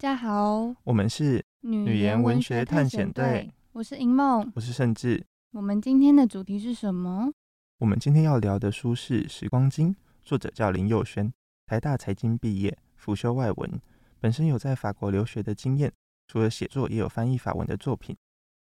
大家好，我們是女研文、文學探險隊。我是英夢，我是盛智。我們今天的主題是什麼？我們今天要聊的書是《時光莖》，作者叫林佑軒，台大財經畢業，輔修外文，本身有在法國留學的經驗，除了寫作，也有翻譯法文的作品。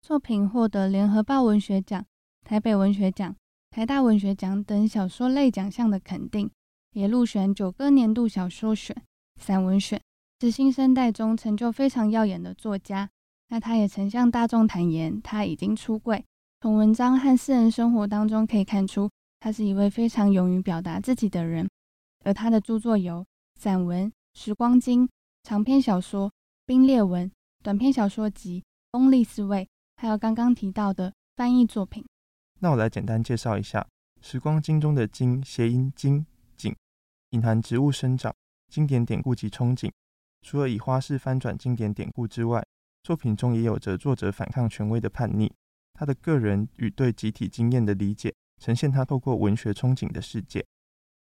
作品獲得聯合報文學獎、台北文學獎、台大文學獎等小說類獎項的肯定，也入選九個年度小說選、散文選。是新生代中成就非常耀眼的作家。那他也曾向大眾坦言，他已經出櫃。從文章和私人生活當中可以看出，他是一位非常勇於表達自己的人。而他的著作有散文《時光莖》、長篇小說《冰裂紋》，短篇小說集《崩麗絲味》，還有剛剛提到的翻譯作品。那我來簡單介紹一下，《時光莖》中的“莖”諧音“經、憬”，隱含植物生長、經典典故及憧憬。除了以花式翻轉經典典故之外，作品中也有着作者反抗權威的叛逆，他的個人與對集體經驗的理解，呈現他透過文學憧憬的世界。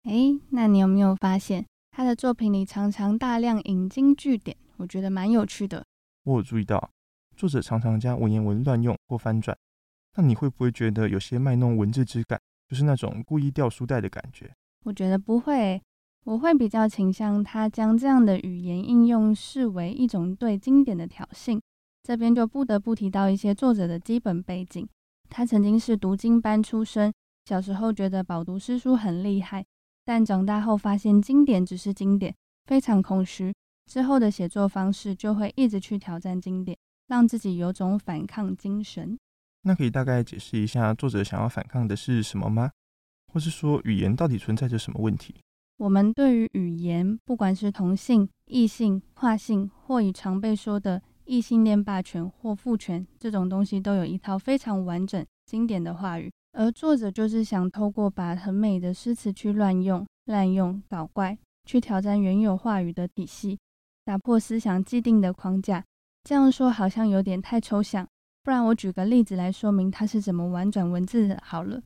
哎、欸，那你有沒有發現他的作品裡常常大量引經據典，我覺得蠻有趣的。我有注意到，作者常常將文言文亂用或翻轉。那你會不會覺得有些賣弄文字之感？就是那種故意掉書袋的感覺？我覺得不會欸。我會比較傾向他將這樣的語言應用視為一種對經典的挑釁。這邊就不得不提到一些作者的基本背景。他曾經是讀經班出身，小時候覺得飽讀詩書很厲害，但長大後發現經典只是經典，非常空虛。之後的寫作方式就會一直去挑戰經典，讓自己有種反抗精神。那可以大概解釋一下作者想要反抗的是什麼嗎？或是說語言到底存在着什麼問題？我們對於語言，不管是同性、異性、跨性，或以常被說的異性戀霸權或父權這種東西，都有一套非常完整、經典的話語。而作者就是想透過把很美的詩詞去亂用、濫用、搞怪，去挑戰原有話語的底細，打破思想既定的框架。這樣說好像有點太抽象，不然我舉個例子來說明他是怎麼玩轉文字的好了。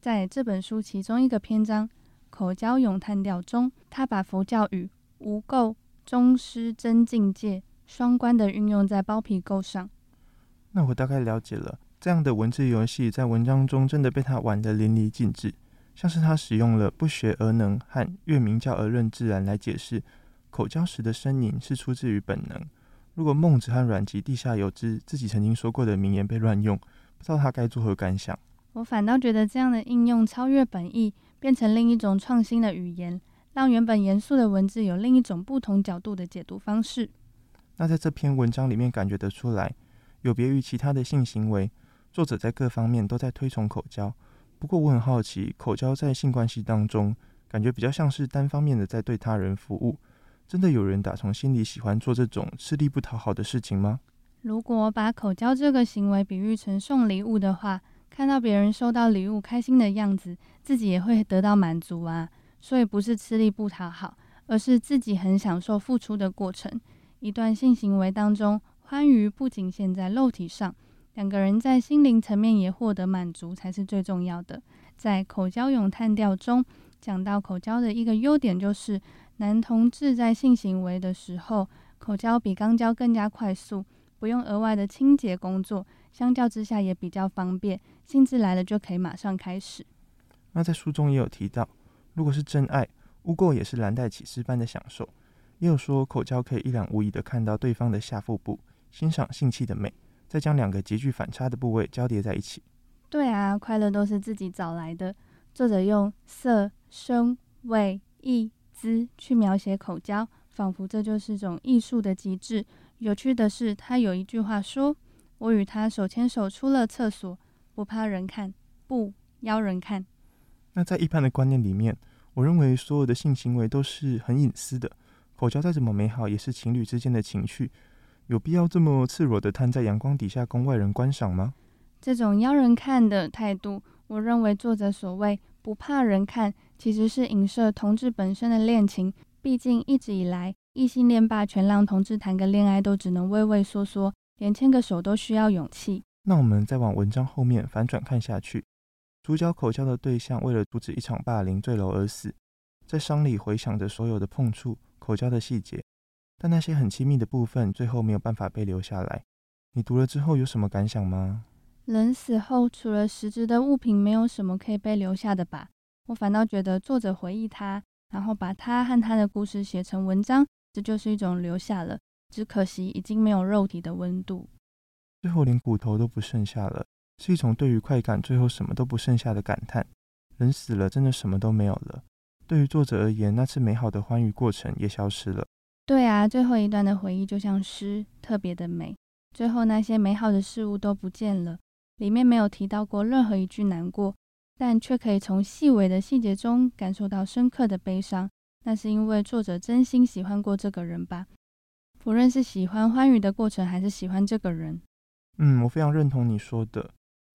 在這本書其中一個篇章。口交詠嘆調中，他把佛教語“無垢宗師真境界”雙關地運用在包皮垢上。那我大概了解了，這樣的文字遊戲在文章中真的被他玩得淋漓盡致。像是他使用了“不學而能”和“越名教而任自然”來解釋口交時的呻吟是出自於本能。如果孟子和阮籍“地下有知”自己曾經說過的名言被亂用，不知道他該作何感想。我反倒覺得這樣的應用超越本意。變成另一種創新的語言，讓原本嚴肅的文字有另一種不同角度的解讀方式。那在這篇文章裡面感覺得出來，有別於其他的性行為，作者在各方面都在推崇口交。不過我很好奇，口交在性關係當中，感覺比較像是單方面的在對他人服務。真的有人打從心裡喜歡做這種吃力不討好的事情嗎？如果把口交這個行為比喻成送禮物的話，看到別人收到禮物開心的樣子，自己也會得到滿足啊。所以不是吃力不討好，而是自己很享受付出的過程。一段性行為當中，歡愉不僅限在肉體上，兩個人在心靈層面也獲得滿足才是最重要的。在口交詠嘆調中，講到口交的一個優點就是，男同志在性行為的時候，口交比肛交更加快速，不用額外的清潔工作。相較之下也比較方便，興致來了就可以馬上開始。那在書中也有提到，如果是真愛，污垢也是藍帶起司般的享受。也有說口交可以一覽無遺的看到對方的下腹部，欣賞性器的美，再將兩個極具反差的部位交疊在一起。對啊，快樂都是自己找來的。作者用色、聲、味、意、姿去描寫口交，仿佛這就是一種藝術的極致。有趣的是，他有一句話說，我與他手牽手出了廁所，不怕人看，不邀人看。那在一般的觀念裡面，我認為所有的性行為都是很隱私的。口交再怎麼美好，也是情侶之間的情趣，有必要這麼赤裸的攤在陽光底下供外人觀賞嗎？這種邀人看的態度，我認為作者所謂不怕人看，其實是影射同志本身的戀情。畢竟一直以來，異性戀霸權讓同志談個戀愛都只能畏畏縮縮。連牽個手都需要勇氣。那我們再往文章後面反轉看下去，主角口交的對象為了阻止一場霸凌，墜樓而死，在傷裡回想着所有的碰觸、口交的細節，但那些很親密的部分，最後沒有辦法被留下來。你讀了之後有什麼感想嗎？人死後，除了實質的物品，沒有什麼可以被留下的吧？我反倒覺得，作者回憶他，然後把他和他的故事寫成文章，這就是一種留下了。只可惜，已經沒有肉體的溫度，最後連骨頭都不剩下了，是一種對於快感最後什麼都不剩下的感嘆。人死了，真的什麼都沒有了。對於作者而言，那次美好的歡愉過程也消失了。對啊，最後一段的回憶就像詩，特別的美。最後那些美好的事物都不見了，裡面沒有提到過任何一句難過，但卻可以從細微的細節中感受到深刻的悲傷。那是因為作者真心喜歡過這個人吧。不論是喜歡歡愉的過程，還是喜歡這個人，嗯，我非常認同你說的。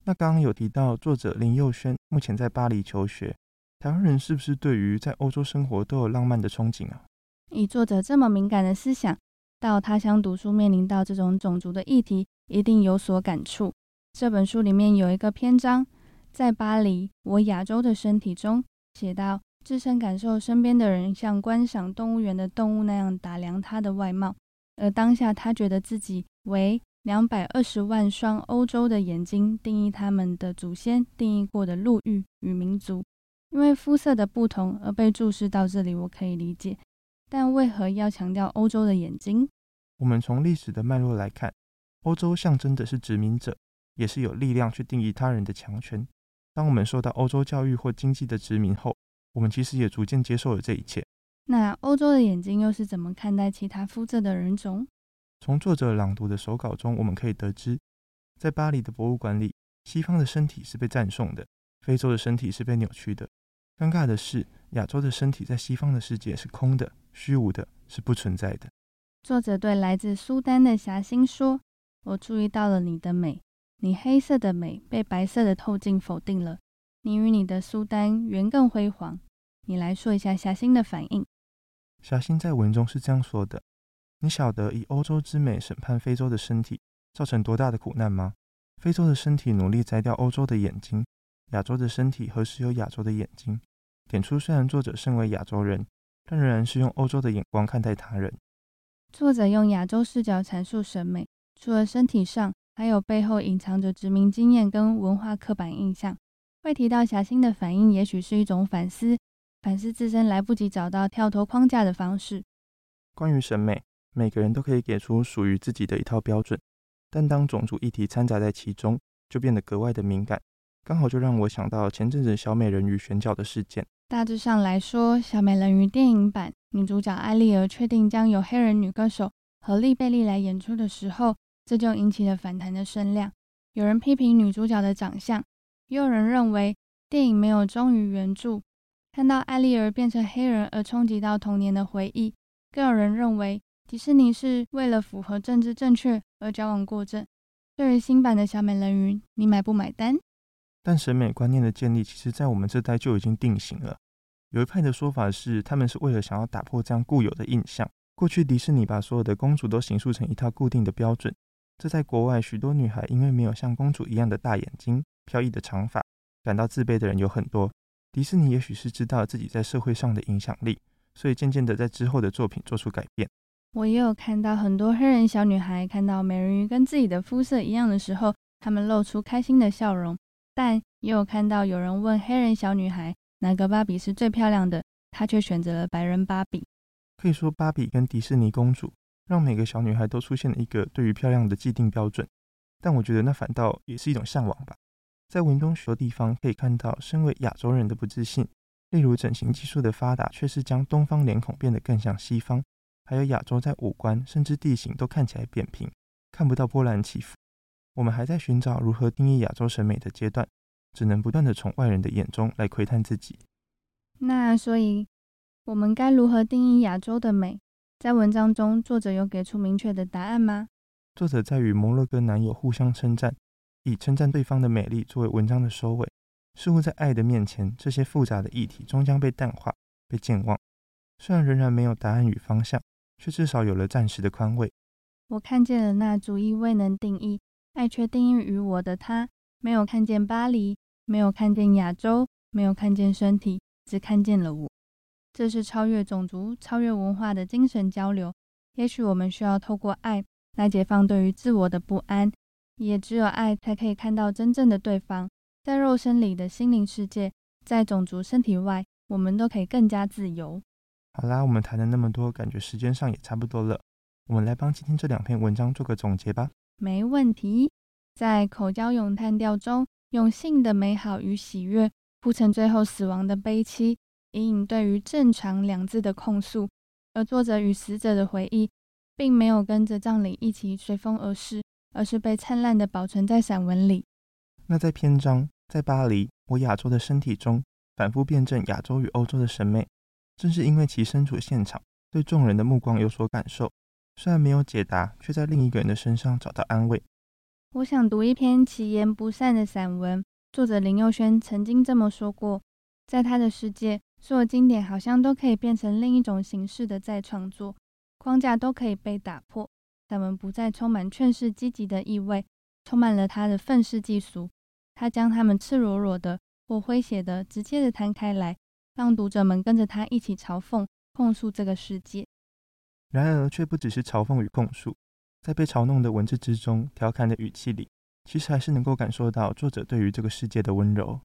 那剛剛有提到作者林佑軒目前在巴黎求學，台灣人是不是對於在歐洲生活都有浪漫的憧憬啊？以作者這麼敏感的思想，到他鄉讀書，面臨到這種種族的議題，一定有所感觸。這本書裡面有一個篇章，在巴黎，我亞洲的身體中，寫到自身感受身邊的人像觀賞動物園的動物那樣打量他的外貌。而當下，他覺得自己為兩百二十萬雙歐洲的眼睛定義他們的祖先定義過的陸域與民族，因為膚色的不同而被注視。到這裡，我可以理解。但為何要強調歐洲的眼睛？我們從歷史的脈絡來看，歐洲象徵的是殖民者，也是有力量去定義他人的強權。當我們受到歐洲教育或經濟的殖民後，我們其實也逐漸接受了這一切。那歐洲的眼睛又是怎麼看待其他膚色的人種？從作者朗讀的手稿中，我們可以得知，在巴黎的博物館裡，西方的身體是被讚頌的，非洲的身體是被扭曲的。尷尬的是，亞洲的身體在西方的世界是空的、虛無的，是不存在的。作者對來自蘇丹的霞心說：“我注意到了你的美，你黑色的美被白色的透鏡否定了。你與你的蘇丹原更輝煌。”你來說一下霞心的反應。霞星在文中是這樣說的：“你曉得以歐洲之美審判非洲的身體，造成多大的苦難嗎？非洲的身體努力摘掉歐洲的眼睛，亞洲的身體何時有亞洲的眼睛？”點出雖然作者身為亞洲人，但仍然是用歐洲的眼光看待他人。作者用亞洲視角闡述審美，除了身體上，還有背後隱藏着殖民經驗跟文化刻板印象。會提到霞星的反應，也許是一種反思。反思自身來不及找到跳脫框架的方式。關於審美，每個人都可以給出屬於自己的一套標準，但當種族議題摻雜在其中，就變得格外的敏感。剛好就讓我想到前陣子小美人魚選角的事件。大致上來說，小美人魚電影版女主角艾莉兒確定將由黑人女歌手荷莉貝利來演出的時候，這就引起了反彈的聲量。有人批評女主角的長相，也有人認為電影沒有忠於原著。看到愛麗兒變成黑人而衝擊到童年的回憶，更有人認為迪士尼是為了符合政治正確而矯枉過正。對於新版的小美人魚，你買不買單？但審美觀念的建立，其實在我們這代就已經定型了。有一派的說法是，他們是為了想要打破這樣固有的印象。過去迪士尼把所有的公主都形塑成一套固定的標準，這在國外許多女孩因為沒有像公主一樣的大眼睛、飄逸的長髮，感到自卑的人有很多。迪士尼也許是知道自己在社會上的影響力，所以漸漸地在之後的作品做出改變。我也有看到很多黑人小女孩看到美人魚跟自己的膚色一樣的時候，她們露出開心的笑容。但也有看到有人問黑人小女孩，哪個芭比是最漂亮的，她卻選擇了白人芭比。可以說，芭比跟迪士尼公主讓每個小女孩都出現了一個對於漂亮的既定標準。但我覺得那反倒也是一種嚮往吧。在文中許多地方可以看到身為亞洲人的不自信，例如整形技術的發達卻是將東方臉孔變得更像西方，還有亞洲在五官甚至地形都看起來扁平，看不到波瀾起伏。我們還在尋找如何定義亞洲審美的階段，只能不斷地從外人的眼中來窺探自己。那所以，我們該如何定義亞洲的美？在文章中，作者有給出明確的答案嗎？作者在與摩洛哥男友互相稱讚。以稱讚對方的美麗作為文章的收尾，似乎在愛的面前，這些複雜的議題終將被淡化、被健忘。雖然仍然沒有答案與方向，卻至少有了暫時的寬慰。我看見了那主義未能定義，愛卻定義於我的他，沒有看見巴黎，沒有看見亞洲，沒有看見身體，只看見了我。這是超越種族、超越文化的精神交流。也許我們需要透過愛來解放對於自我的不安。也只有愛，才可以看到真正的對方。在肉身裡的心靈世界，在種族身體外，我們都可以更加自由。好啦，我們談了那麼多，感覺時間上也差不多了。我們來幫今天這兩篇文章做個總結吧。沒問題。在口交詠嘆調中，用性的美好與喜悅鋪成最後死亡的悲慼，隱隱對於“正常”兩字的控訴。而作者與死者的回憶，並沒有跟着葬禮一起隨風而逝。而是被燦爛地保存在散文裡。那在篇章，在巴黎，我亞洲的身體中反覆辯證亞洲與歐洲的審美，正是因為其身處現場，對眾人的目光有所感受。雖然沒有解答，卻在另一個人的身上找到安慰。我想讀一篇其言不善的散文。作者林佑軒曾經這麼說過：在他的世界，所有經典好像都可以變成另一種形式的再創作，框架都可以被打破。散文不再充滿勸世積極的意味，充滿了他的憤世嫉俗。他將他們赤裸裸的或詼諧的、直接的攤開來，讓讀者們跟着他一起嘲諷、控訴這個世界。然而，卻不只是嘲諷與控訴，在被嘲弄的文字之中、調侃的語氣裡，其實還是能夠感受到作者對於這個世界的溫柔。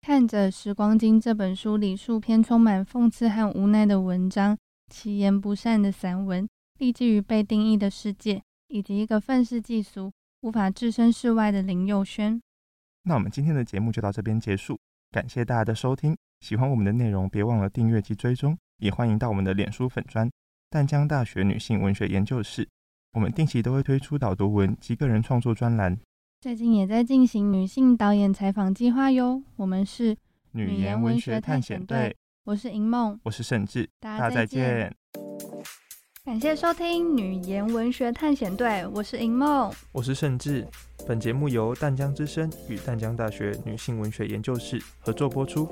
看着《時光莖》這本書裡數篇充滿諷刺和無奈的文章，其言不善的散文。立足於被定義的世界，以及一個憤世嫉俗、無法置身事外的林佑軒。那我們今天的節目就到這邊結束，感謝大家的收聽。喜歡我們的內容，別忘了訂閱及追蹤，也歡迎到我們的臉書粉專“淡江大學女性文學研究室”。我們定期都會推出導讀文及個人創作專欄，最近也在進行女性導演採訪計劃喲。我們是女研文學探險隊，險隊我是銀夢，我是盛志，大家再見。感謝收聽《女言文學探險隊》，我是銀夢，我是盛志。本節目由淡江之聲與淡江大學女性文學研究室合作播出。